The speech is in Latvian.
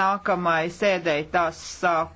nākamai sēdēji tās sāku.